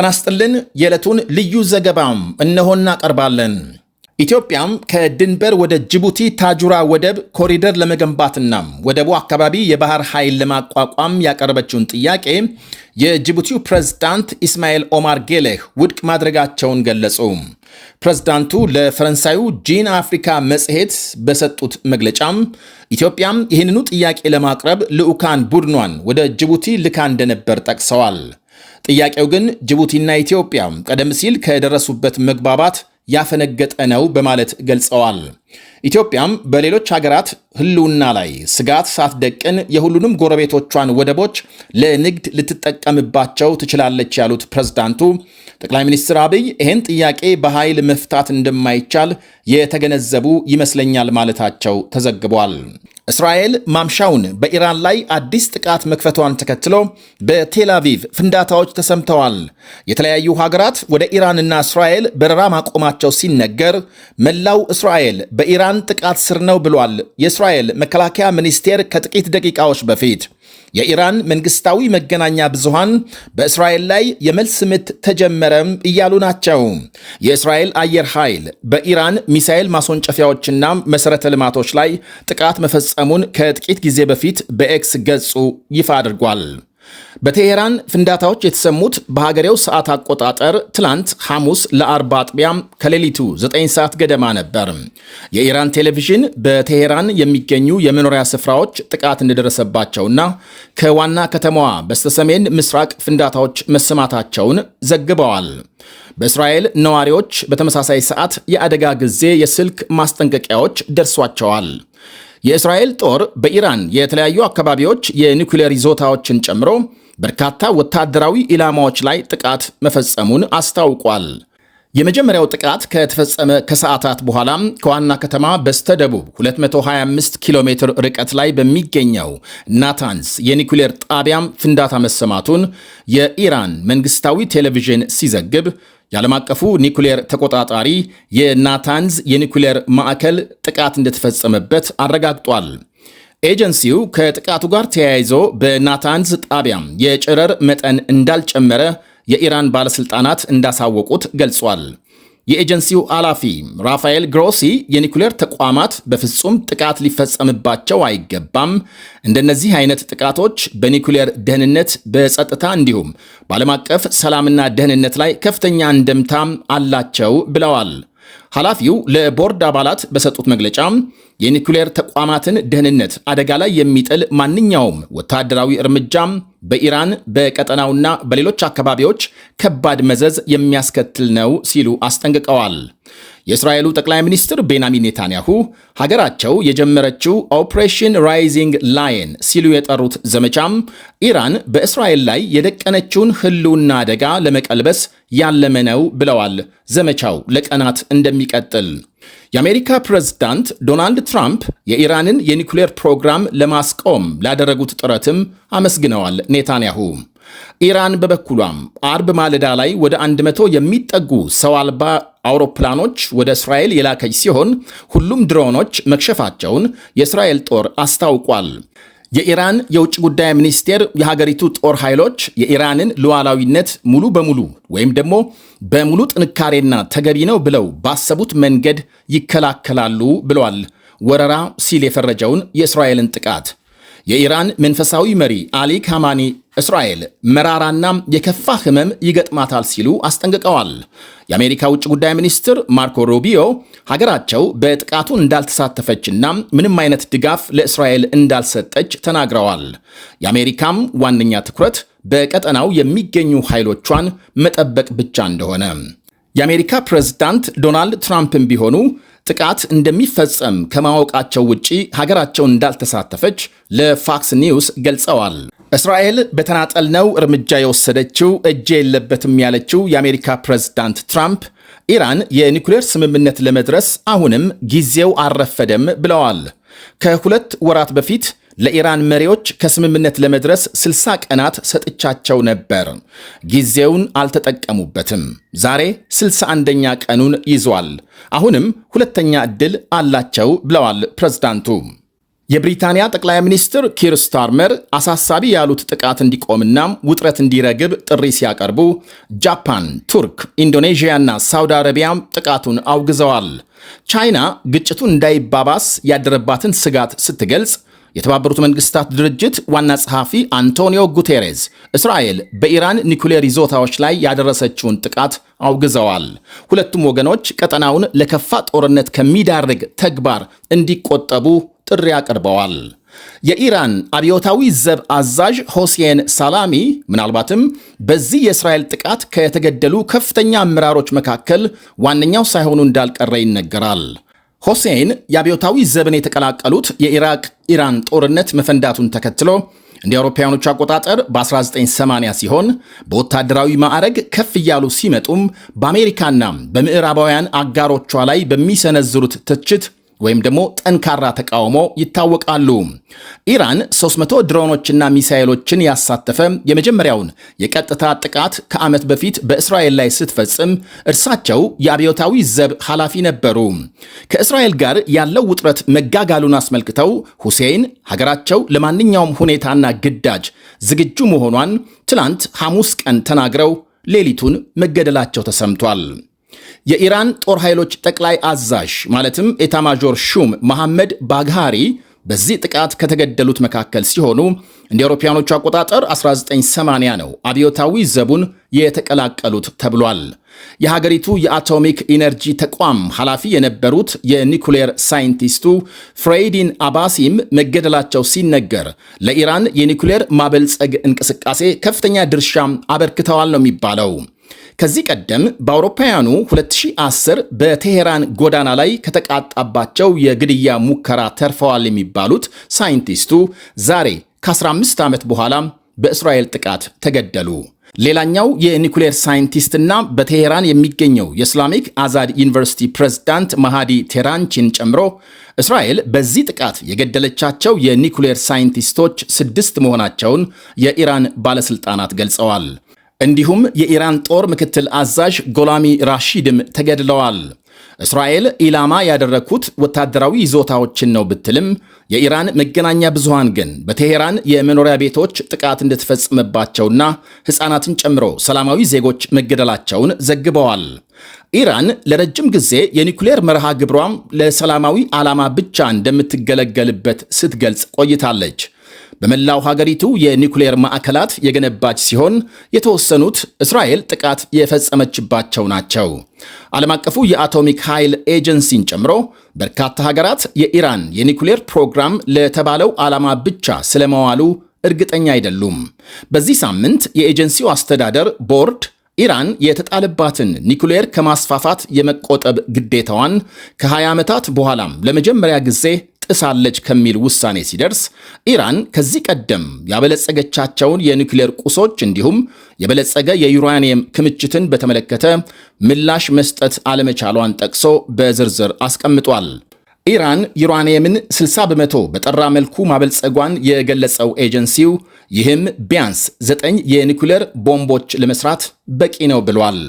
ጤና ይስጥልን። የዕለቱን ልዩ ዘገባም እነሆ እናቀርባለን። ኢትዮጵያም ከድንበር ወደ ጅቡቲ ታጁራ ወደብ ኮሪደር ለመገንባትና ወደቡ አካባቢ የባህር ኃይል ለማቋቋም ያቀረበችውን ጥያቄ የጅቡቲው ፕሬዝዳንት ኢስማኤል ኦማር ጌሌህ ውድቅ ማድረጋቸውን ገለጹ። ፕሬዝዳንቱ ለፈረንሳዩ ጂን አፍሪካ መጽሔት በሰጡት መግለጫም ኢትዮጵያም ይህንኑ ጥያቄ ለማቅረብ ልዑካን ቡድኗን ወደ ጅቡቲ ልካ እንደነበር ጠቅሰዋል። ጥያቄው ግን ጅቡቲና ኢትዮጵያ ቀደም ሲል ከደረሱበት መግባባት ያፈነገጠ ነው በማለት ገልጸዋል። ኢትዮጵያም በሌሎች ሀገራት ሕልውና ላይ ስጋት ሳትደቅን የሁሉንም ጎረቤቶቿን ወደቦች ለንግድ ልትጠቀምባቸው ትችላለች ያሉት ፕሬዝዳንቱ፣ ጠቅላይ ሚኒስትር አብይ ይህን ጥያቄ በኃይል መፍታት እንደማይቻል የተገነዘቡ ይመስለኛል ማለታቸው ተዘግቧል። እስራኤል ማምሻውን በኢራን ላይ አዲስ ጥቃት መክፈቷን ተከትሎ በቴል አቪቭ ፍንዳታዎች ተሰምተዋል። የተለያዩ ሀገራት ወደ ኢራንና እስራኤል በረራ ማቆማቸው ሲነገር መላው እስራኤል በኢራን ጥቃት ስር ነው ብሏል የእስራኤል መከላከያ ሚኒስቴር ከጥቂት ደቂቃዎች በፊት የኢራን መንግስታዊ መገናኛ ብዙሃን በእስራኤል ላይ የመልስ ምት ተጀመረም እያሉ ናቸው። የእስራኤል አየር ኃይል በኢራን ሚሳኤል ማስወንጨፊያዎችና መሠረተ ልማቶች ላይ ጥቃት መፈጸሙን ከጥቂት ጊዜ በፊት በኤክስ ገጹ ይፋ አድርጓል። በቴሄራን ፍንዳታዎች የተሰሙት በሀገሬው ሰዓት አቆጣጠር ትላንት ሐሙስ ለአርባ አጥቢያም ከሌሊቱ 9 ሰዓት ገደማ ነበር። የኢራን ቴሌቪዥን በቴሄራን የሚገኙ የመኖሪያ ስፍራዎች ጥቃት እንደደረሰባቸውና ከዋና ከተማዋ በስተሰሜን ምስራቅ ፍንዳታዎች መሰማታቸውን ዘግበዋል። በእስራኤል ነዋሪዎች በተመሳሳይ ሰዓት የአደጋ ጊዜ የስልክ ማስጠንቀቂያዎች ደርሷቸዋል። የእስራኤል ጦር በኢራን የተለያዩ አካባቢዎች የኒውክሌር ይዞታዎችን ጨምሮ በርካታ ወታደራዊ ኢላማዎች ላይ ጥቃት መፈጸሙን አስታውቋል። የመጀመሪያው ጥቃት ከተፈጸመ ከሰዓታት በኋላም ከዋና ከተማ በስተደቡብ 225 ኪሎ ሜትር ርቀት ላይ በሚገኘው ናታንስ የኒውክሌር ጣቢያም ፍንዳታ መሰማቱን የኢራን መንግስታዊ ቴሌቪዥን ሲዘግብ የዓለም አቀፉ ኒኩሌር ተቆጣጣሪ የናታንዝ የኒኩሌር ማዕከል ጥቃት እንደተፈጸመበት አረጋግጧል። ኤጀንሲው ከጥቃቱ ጋር ተያይዞ በናታንዝ ጣቢያም የጨረር መጠን እንዳልጨመረ የኢራን ባለሥልጣናት እንዳሳወቁት ገልጿል። የኤጀንሲው ኃላፊ ራፋኤል ግሮሲ የኒኩሌር ተቋማት በፍጹም ጥቃት ሊፈጸምባቸው አይገባም፣ እንደነዚህ አይነት ጥቃቶች በኒኩሌር ደህንነት፣ በጸጥታ እንዲሁም በዓለም አቀፍ ሰላምና ደህንነት ላይ ከፍተኛ እንደምታም አላቸው ብለዋል። ኃላፊው ለቦርድ አባላት በሰጡት መግለጫ የኒኩሌር ተቋማትን ደህንነት አደጋ ላይ የሚጥል ማንኛውም ወታደራዊ እርምጃ በኢራን በቀጠናውና በሌሎች አካባቢዎች ከባድ መዘዝ የሚያስከትል ነው ሲሉ አስጠንቅቀዋል። የእስራኤሉ ጠቅላይ ሚኒስትር ቤንያሚን ኔታንያሁ ሀገራቸው የጀመረችው ኦፕሬሽን ራይዚንግ ላየን ሲሉ የጠሩት ዘመቻም ኢራን በእስራኤል ላይ የደቀነችውን ሕልውና አደጋ ለመቀልበስ ያለመ ነው ብለዋል። ዘመቻው ለቀናት እንደሚቀጥል የአሜሪካ ፕሬዝዳንት ዶናልድ ትራምፕ የኢራንን የኒውክሌር ፕሮግራም ለማስቆም ላደረጉት ጥረትም አመስግነዋል ኔታንያሁ ኢራን በበኩሏም አርብ ማለዳ ላይ ወደ 100 የሚጠጉ ሰው አልባ አውሮፕላኖች ወደ እስራኤል የላከች ሲሆን ሁሉም ድሮኖች መክሸፋቸውን የእስራኤል ጦር አስታውቋል። የኢራን የውጭ ጉዳይ ሚኒስቴር የሀገሪቱ ጦር ኃይሎች የኢራንን ሉዓላዊነት ሙሉ በሙሉ ወይም ደግሞ በሙሉ ጥንካሬና ተገቢ ነው ብለው ባሰቡት መንገድ ይከላከላሉ ብለዋል። ወረራ ሲል የፈረጀውን የእስራኤልን ጥቃት የኢራን መንፈሳዊ መሪ አሊ ካማኒ እስራኤል መራራና የከፋ ህመም ይገጥማታል ሲሉ አስጠንቅቀዋል። የአሜሪካ ውጭ ጉዳይ ሚኒስትር ማርኮ ሩቢዮ ሀገራቸው በጥቃቱ እንዳልተሳተፈችና ምንም አይነት ድጋፍ ለእስራኤል እንዳልሰጠች ተናግረዋል። የአሜሪካም ዋነኛ ትኩረት በቀጠናው የሚገኙ ኃይሎቿን መጠበቅ ብቻ እንደሆነ የአሜሪካ ፕሬዝዳንት ዶናልድ ትራምፕም ቢሆኑ ጥቃት እንደሚፈጸም ከማወቃቸው ውጪ ሀገራቸው እንዳልተሳተፈች ለፋክስ ኒውስ ገልጸዋል። እስራኤል በተናጠል ነው እርምጃ የወሰደችው እጅ የለበትም ያለችው የአሜሪካ ፕሬዝዳንት ትራምፕ ኢራን የኒኩሌር ስምምነት ለመድረስ አሁንም ጊዜው አልረፈደም ብለዋል። ከሁለት ወራት በፊት ለኢራን መሪዎች ከስምምነት ለመድረስ 60 ቀናት ሰጥቻቸው ነበር። ጊዜውን አልተጠቀሙበትም። ዛሬ 61ኛ ቀኑን ይዟል። አሁንም ሁለተኛ ዕድል አላቸው ብለዋል ፕሬዝዳንቱ። የብሪታንያ ጠቅላይ ሚኒስትር ኪር ስታርመር አሳሳቢ ያሉት ጥቃት እንዲቆምና ውጥረት እንዲረግብ ጥሪ ሲያቀርቡ ጃፓን፣ ቱርክ፣ ኢንዶኔዥያና ሳውዲ አረቢያም ጥቃቱን አውግዘዋል። ቻይና ግጭቱ እንዳይባባስ ያደረባትን ስጋት ስትገልጽ የተባበሩት መንግስታት ድርጅት ዋና ጸሐፊ አንቶኒዮ ጉቴሬዝ እስራኤል በኢራን ኒኩሌር ይዞታዎች ላይ ያደረሰችውን ጥቃት አውግዘዋል። ሁለቱም ወገኖች ቀጠናውን ለከፋ ጦርነት ከሚዳርግ ተግባር እንዲቆጠቡ ጥሪ አቅርበዋል። የኢራን አብዮታዊ ዘብ አዛዥ ሆሴን ሳላሚ ምናልባትም በዚህ የእስራኤል ጥቃት ከተገደሉ ከፍተኛ አመራሮች መካከል ዋነኛው ሳይሆኑ እንዳልቀረ ይነገራል። ሆሴን የአብዮታዊ ዘብን የተቀላቀሉት የኢራቅ ኢራን ጦርነት መፈንዳቱን ተከትሎ እንደ አውሮፓውያኖቹ አቆጣጠር በ1980 ሲሆን በወታደራዊ ማዕረግ ከፍ እያሉ ሲመጡም በአሜሪካና በምዕራባውያን አጋሮቿ ላይ በሚሰነዝሩት ትችት ወይም ደግሞ ጠንካራ ተቃውሞ ይታወቃሉ። ኢራን 300 ድሮኖችና ሚሳይሎችን ያሳተፈ የመጀመሪያውን የቀጥታ ጥቃት ከዓመት በፊት በእስራኤል ላይ ስትፈጽም እርሳቸው የአብዮታዊ ዘብ ኃላፊ ነበሩ። ከእስራኤል ጋር ያለው ውጥረት መጋጋሉን አስመልክተው ሁሴን ሀገራቸው ለማንኛውም ሁኔታና ግዳጅ ዝግጁ መሆኗን ትላንት ሐሙስ ቀን ተናግረው ሌሊቱን መገደላቸው ተሰምቷል። የኢራን ጦር ኃይሎች ጠቅላይ አዛዥ ማለትም ኤታማዦር ሹም መሐመድ ባግሃሪ በዚህ ጥቃት ከተገደሉት መካከል ሲሆኑ እንደ አውሮፓውያኖቹ አቆጣጠር 1980 ነው አብዮታዊ ዘቡን የተቀላቀሉት ተብሏል። የሀገሪቱ የአቶሚክ ኢነርጂ ተቋም ኃላፊ የነበሩት የኒኩሌር ሳይንቲስቱ ፍሬይዲን አባሲም መገደላቸው ሲነገር ለኢራን የኒኩሌር ማበልጸግ እንቅስቃሴ ከፍተኛ ድርሻም አበርክተዋል ነው የሚባለው። ከዚህ ቀደም በአውሮፓውያኑ 2010 በቴሄራን ጎዳና ላይ ከተቃጣባቸው የግድያ ሙከራ ተርፈዋል የሚባሉት ሳይንቲስቱ ዛሬ ከ15 ዓመት በኋላ በእስራኤል ጥቃት ተገደሉ። ሌላኛው የኒኩሌር ሳይንቲስትና በቴሄራን የሚገኘው የእስላሚክ አዛድ ዩኒቨርሲቲ ፕሬዝዳንት ማሃዲ ቴራንቺን ጨምሮ እስራኤል በዚህ ጥቃት የገደለቻቸው የኒኩሌር ሳይንቲስቶች ስድስት መሆናቸውን የኢራን ባለሥልጣናት ገልጸዋል። እንዲሁም የኢራን ጦር ምክትል አዛዥ ጎላሚ ራሺድም ተገድለዋል። እስራኤል ኢላማ ያደረግኩት ወታደራዊ ይዞታዎችን ነው ብትልም የኢራን መገናኛ ብዙሃን ግን በቴሄራን የመኖሪያ ቤቶች ጥቃት እንደተፈጸመባቸውና ሕፃናትን ጨምሮ ሰላማዊ ዜጎች መገደላቸውን ዘግበዋል። ኢራን ለረጅም ጊዜ የኒኩሌር መርሃ ግብሯም ለሰላማዊ ዓላማ ብቻ እንደምትገለገልበት ስትገልጽ ቆይታለች። በመላው ሀገሪቱ የኒውክሌር ማዕከላት የገነባች ሲሆን የተወሰኑት እስራኤል ጥቃት የፈጸመችባቸው ናቸው። ዓለም አቀፉ የአቶሚክ ኃይል ኤጀንሲን ጨምሮ በርካታ ሀገራት የኢራን የኒውክሌር ፕሮግራም ለተባለው ዓላማ ብቻ ስለመዋሉ እርግጠኛ አይደሉም። በዚህ ሳምንት የኤጀንሲው አስተዳደር ቦርድ ኢራን የተጣለባትን ኒውክሌር ከማስፋፋት የመቆጠብ ግዴታዋን ከ20 ዓመታት በኋላም ለመጀመሪያ ጊዜ ጥሳለች ከሚል ውሳኔ ሲደርስ ኢራን ከዚህ ቀደም ያበለጸገቻቸውን የኒውክሌር ቁሶች እንዲሁም የበለጸገ የዩራኒየም ክምችትን በተመለከተ ምላሽ መስጠት አለመቻሏን ጠቅሶ በዝርዝር አስቀምጧል። ኢራን ዩራኒየምን 60 በመቶ በጠራ መልኩ ማበልጸጓን የገለጸው ኤጀንሲው ይህም ቢያንስ ዘጠኝ የኒውክሌር ቦምቦች ለመስራት በቂ ነው ብሏል።